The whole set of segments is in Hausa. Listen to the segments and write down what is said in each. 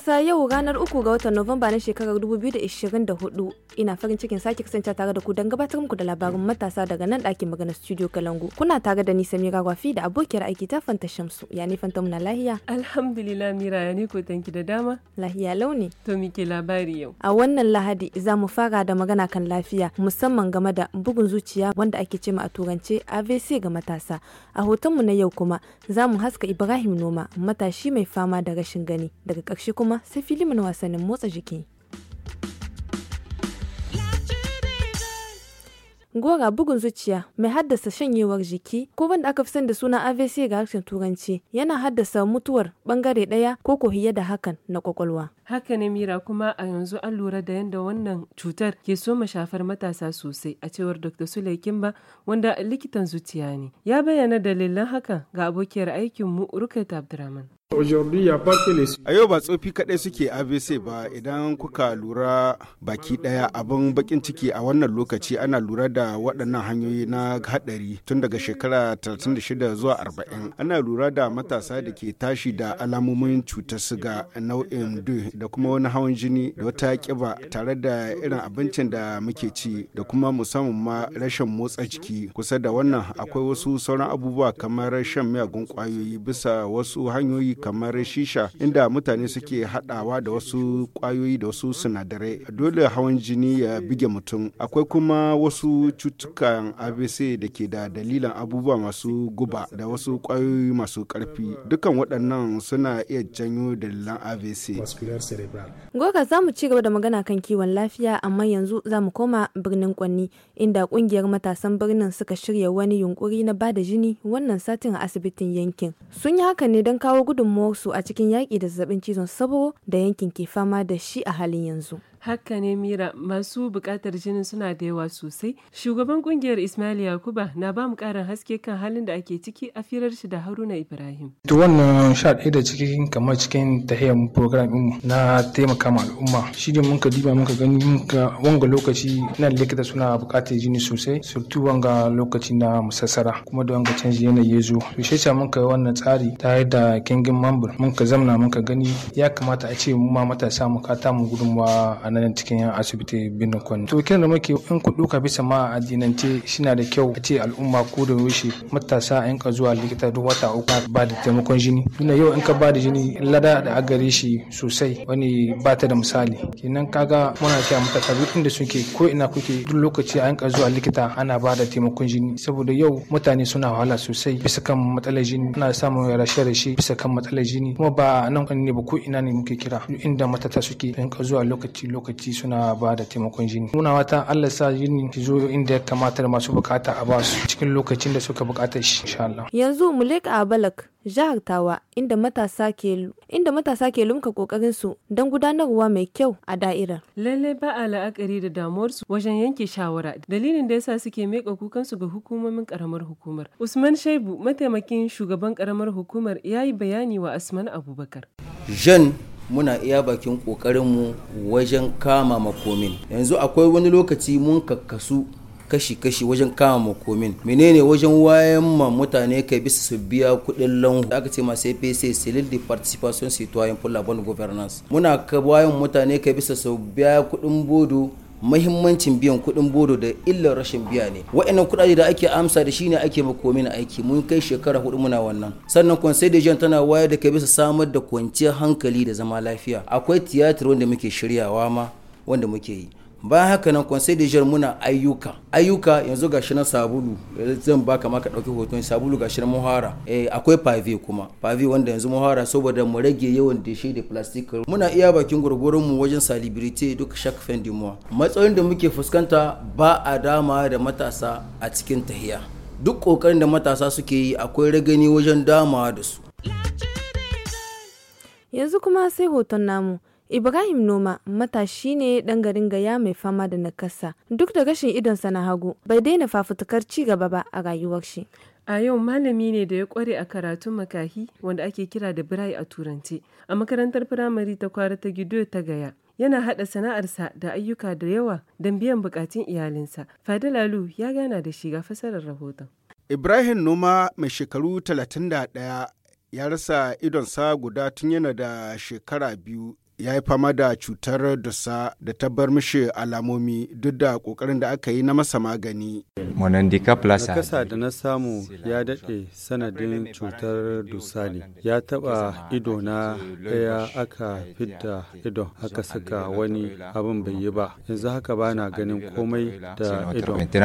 kasa yau ranar uku ga watan Nuwamba na shekarar 2024 ina farin cikin sake kasance tare da ku don gabatar muku da labarin matasa daga nan ɗakin magana studio Kalangu. Kuna tare da nisa mira Gwafi da abokiyar aiki ta Fanta Shamsu. Ya ni Fanta muna lahiya? Alhamdulillah Mira ya ni ko tanki da dama? Lahiya launi. To mi ke labari yau. A wannan Lahadi za mu fara da magana kan lafiya musamman game da bugun zuciya wanda ake ce a turance AVC ga matasa. A hotonmu na yau kuma za mu haska Ibrahim Noma matashi mai fama da rashin gani daga ƙarshe kuma kuma sai filimin wasannin motsa jiki. Gora bugun zuciya mai haddasa shanyewar jiki ko wanda aka fi da suna AVC ga harshen turanci yana haddasa mutuwar bangare daya ko ko fiye da hakan na kwakwalwa. Haka ne Mira kuma a yanzu an lura da yadda wannan cutar ke soma shafar matasa sosai a cewar Dr. Sule Kimba wanda likitan zuciya ne. Ya bayyana dalilan hakan ga abokiyar aikinmu mu Rukaita Abdurrahman. A yau ba tsofi kaɗai suke ABC ba idan kuka lura baki ɗaya abin bakin ciki a wannan lokaci ana lura da waɗannan hanyoyi na haɗari tun daga shekara 36 zuwa 40. Ana lura da matasa da ke tashi da alamomin cutar siga nau'in D da kuma wani hawan jini da wata kiba tare da irin abincin da muke ci da kuma musamman ma rashin motsa jiki. Kusa da wannan akwai wasu sauran abubuwa kamar shan miyagun kwayoyi bisa wasu hanyoyi kamar shisha inda mutane suke haɗawa da wasu kwayoyi da wasu sinadarai dole hawan jini ya bige mutum akwai kuma wasu cutukan abc da ke da dalilan abubuwa masu guba da wasu ƙwayoyi masu ƙarfi dukan waɗannan suna iya janyo dalilan abc goga za mu ci gaba da magana kan kiwon lafiya amma yanzu za mu koma birnin kwanni inda ƙungiyar matasan birnin suka shirya wani yunkuri na bada jini wannan satin a asibitin yankin sun yi haka ne don kawo gudun gudunmuwarsu a cikin yaƙi da zazzabin cizon sabo da yankin ke fama da shi a halin yanzu. Haka ne Mira, masu bukatar jinin suna da yawa sosai. Shugaban kungiyar Ismail Yakuba na ba mu karin haske kan halin da ake ciki a firar shi da Haruna Ibrahim. To wannan sha ɗaya da cikin kamar cikin tahiyar program din na taimaka ma al'umma. Shi ne muka diba muka gani muka wanga lokaci na likita suna bukatar jini sosai, surtu wanga lokaci na musassara kuma da wanga canji yanayi ya zo. To shi muka wannan tsari ta da kingin mambur muka zamna muka gani ya kamata a ce mu ma matasa mu ka mu gudunmawa a nan cikin yan asibiti bin Kwano. To kiran da muke in ku duka bisa ma addinance shina da kyau a ce al'umma ko da yaushe matasa in ka zuwa likita duk wata uku ba da taimakon jini. Tunda yau in ka ba da jini lada da agare shi sosai wani ba ta da misali. Kenan kaga muna ce a matasa duk inda suke ko ina kuke duk lokaci a ka zuwa likita ana ba da taimakon jini saboda yau mutane suna wahala sosai bisa kan matsalar jini ana samun rashe-rashe bisa kan matsalar jini kuma ba nan ne ba ko ina ne muke kira duk inda matasa suke in ka zuwa lokaci lokaci lokaci suna ba da taimakon jini muna wata allah sa jini ki zo inda ya kamata masu bukata a basu cikin lokacin da suka bukata shi insha allah yanzu mu a balak jihar tawa inda matasa ke inda matasa ke lumka kokarin su don gudanarwa mai kyau a da'ira lalle ba a la'akari da damuwar su wajen yanke shawara dalilin da yasa suke mika kukan su ga hukumomin karamar hukumar usman shaibu mataimakin shugaban karamar hukumar ya yi bayani wa asman abubakar jen muna iya bakin ƙoƙarinmu wajen kama makomin yanzu akwai wani lokaci mun kakkasu kashi-kashi wajen kama makomin menene wajen wayan ma mutane kai bisa su biya kuɗin lanhu aka ce masu apc civil de participation citoyen pour la bonne muna wayan mutane kai bisa su biya kudin bodo mahimmancin biyan kuɗin bodo da illar rashin biya ne wa'annan kuɗaɗe da ake amsa da shine ake makomin aiki mun kai shekara hudu muna wannan sannan kwansai da tana wayar da kai bisa samar da kwanciyar hankali da zama lafiya akwai tiyatar wanda muke shiryawa ma wanda muke yi bayan haka nan conseil de jeunes muna ayyuka ayyuka yanzu ga shi na sabulu eh, zan baka maka ka dauki hoton sabulu ga shi na muhara eh akwai pave kuma pave wanda yanzu muhara saboda mu rage yawan deshe da plastic muna iya bakin gurgurun mu wajen salibirite duk shak fendi mu matsayin da muke fuskanta ba a dama da matasa a cikin tahiya duk kokarin da matasa suke yi akwai ragani wajen dama da su yanzu kuma sai hoton namu Ibrahim Noma matashi ne ɗan garin Gaya mai fama da nakasa. Duk da gashin idonsa na hagu, bai daina fafutukar ci gaba ba a rayuwar shi. A yau malami ne da ya kware a karatun makahi wanda ake kira da birai a turance a makarantar firamare ta kwara ta gido ta gaya. Yana haɗa sana'arsa da ayyuka da yawa don biyan bukatun iyalinsa. Fadilalu ya gana da shiga ga fasarar rahoton. Ibrahim Noma mai shekaru 31 ya rasa idonsa guda tun yana da shekara biyu ya yi fama da cutar dusa da ta bar mishi alamomi duk da kokarin da aka yi na masa magani. Nakasa da na samu ya daɗe sanadin cutar dusa ne. Ya taɓa ido na ɗaya aka fidda idon aka saka wani abin bai yi ba. Yanzu haka bana ganin komai da idon.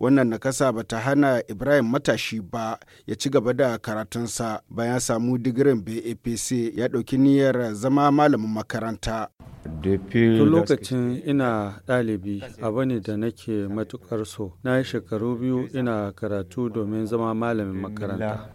wannan nakasa ba ta hana ibrahim matashi ba ya ci gaba da karatunsa bayan samu digirin bapc ya ɗauki niyyar zama malamin makaranta tun lokacin ina ɗalibi abu ne da nake matukar so na yi shekaru biyu ina karatu domin zama malamin makaranta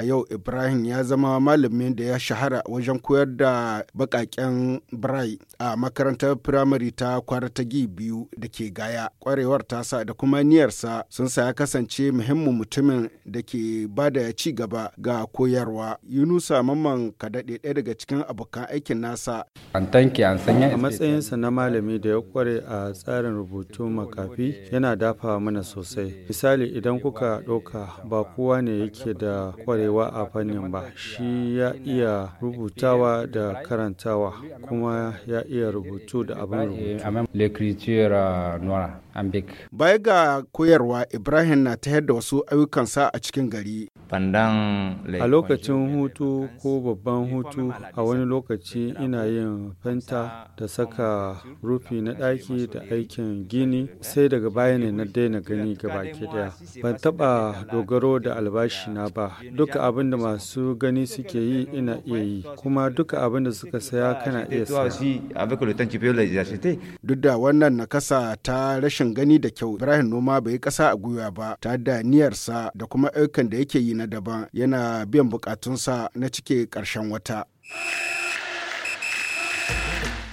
a yau ibrahim ya zama malamin da ya shahara wajen koyar da bakaken birai a makarantar firamare ta kwaratagi biyu da ke gaya kwarewar tasa da kuma niyarsa sun sa ya kasance muhimmin mutumin da ke ba da ci gaba ga koyarwa yunusa mamman kadaɗe ɗaya daga cikin abokan aikin nasa a matsayinsa na malami da ya kware a tsarin rubutu makafi yana dafa mana sosai misali idan kuka ɗauka ba kowa ne yake da kwarewa kwarewa a fannin ba shi ya iya rubutawa da karantawa kuma ya iya rubutu da abin rubutu euh, baya ga koyarwa ibrahim na ta yadda wasu ayyukansa a cikin gari A lokacin hutu ko babban hutu a wani lokaci ina yin fenta da saka rufi na ɗaki da aikin gini sai daga baya ne na daina gani baki daya. Ban taba dogaro da albashi na ba. Duka abin da masu gani suke yi ina iya yi kuma duka abin da suka saya kana iya saya. Duk da wannan nakasa ta rashin gani da kyau Ibrahim Noma bai kasa a gwiwa ba ta da niyyarsa da kuma aikin da yake yi na daban yana biyan bukatunsa na cike ƙarshen wata.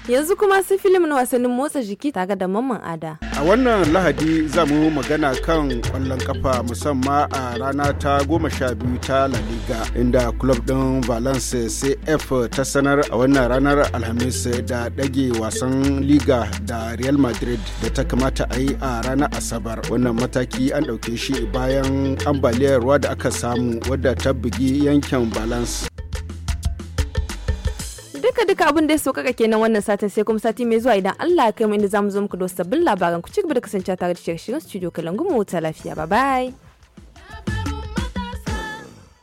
Yanzu kuma sai filim na wasannin motsa jiki tare da mamman ada. A wannan lahadi za mu magana kan kwallon kafa musamman a rana ta goma sha biyu ta laliga inda club ɗin Valence CF ta sanar a wannan ranar Alhamis da ɗage wasan Liga da Real Madrid da ta kamata a yi a ranar Asabar. Wannan mataki an ɗauke shi bayan ambaliyar ruwa da aka samu wadda ta bugi yankin Valence. duka duka abin da ya sauka kenan wannan satin sai kuma sati mai zuwa idan Allah ya kai mu inda zamu zo muku da sabbin labaran ku ci gaba da kasancewa tare da shirye-shiryen studio Kalangu mu ta lafiya bye bye